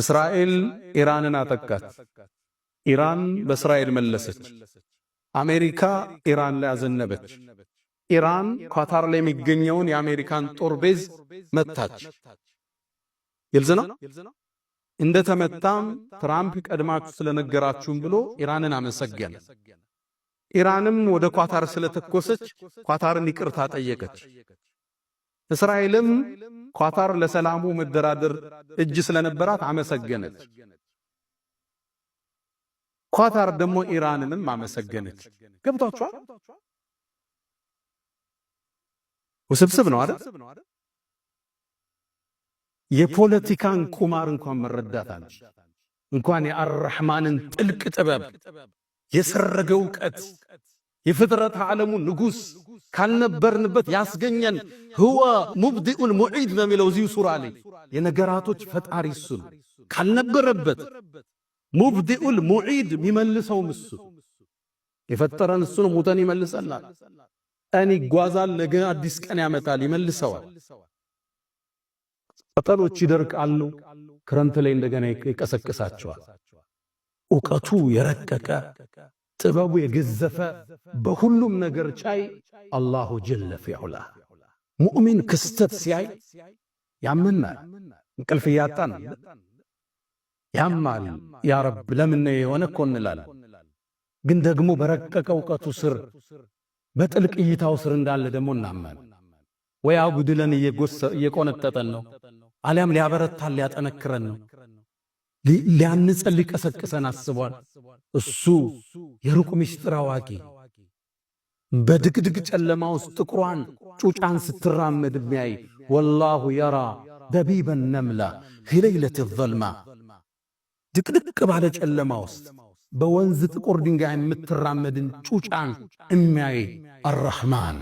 እስራኤል ኢራንን አጠቃች። ኢራን በእስራኤል መለሰች። አሜሪካ ኢራን ላይ አዘነበች። ኢራን ኳታር ላይ የሚገኘውን የአሜሪካን ጦር ቤዝ መታች። ግልጽ ነው። እንደ ተመታም ትራምፕ ቀድማችሁ ስለነገራችሁም ብሎ ኢራንን አመሰገነ። ኢራንም ወደ ኳታር ስለተኮሰች ኳታርን ይቅርታ ጠየቀች። እስራኤልም ኳታር ለሰላሙ መደራደር እጅ ስለነበራት አመሰገነች። ኳታር ደግሞ ኢራንንም አመሰገነች። ገብቷችኋል? ውስብስብ ነው አይደል? የፖለቲካን ቁማር እንኳን መረዳት አለ እንኳን የአርራህማንን ጥልቅ ጥበብ የሰረገ እውቀት የፍጥረት ዓለሙ ንጉሥ ካልነበርንበት ያስገኘን ህወ ሙብዲኡል ሙዒድ በሚለው እዚሁ ሱራ ላይ የነገራቶች ፈጣሪ እሱን ካልነበረበት ሙብዲኡል ሙዒድ የሚመልሰውም እሱ የፈጠረን እሱ ነው። ሙተን ይመልሰናል። ቀን ይጓዛል፣ ነገ አዲስ ቀን ያመጣል፣ ይመልሰዋል። ቅጠሎች ይደርቃሉ፣ ክረምት ላይ እንደገና ይቀሰቅሳቸዋል። እውቀቱ የረቀቀ ጥበቡ የገዘፈ በሁሉም ነገር ቻይ አላሁ ጀለ ፊዑላ። ሙእሚን ክስተት ሲያይ ያመናል፣ እንቅልፍ እያጣን ያማል። ያ ረብ ለምን የሆነ እኮ እንላለን፣ ግን ደግሞ በረቀቀ እውቀቱ ስር በጥልቅ እይታው ስር እንዳለ ደግሞ እናመን። ወይ አጉድለን እየቆነጠጠን ነው፣ አሊያም ሊያበረታን ሊያጠነክረን ነው። ሊያንጸን ሊቀሰቅሰን አስቧል። እሱ የሩቅ ምስጢር አዋቂ በድግድግ ጨለማ ውስጥ ጥቁሯን ጩጫን ስትራመድ የሚያይ ወላሁ የራ ደቢበን ነምላ ፊለይለት ዘልማ ድቅድቅ ባለ ጨለማ ውስጥ በወንዝ ጥቁር ድንጋይ የምትራመድን ጩጫን የሚያይ አራህማን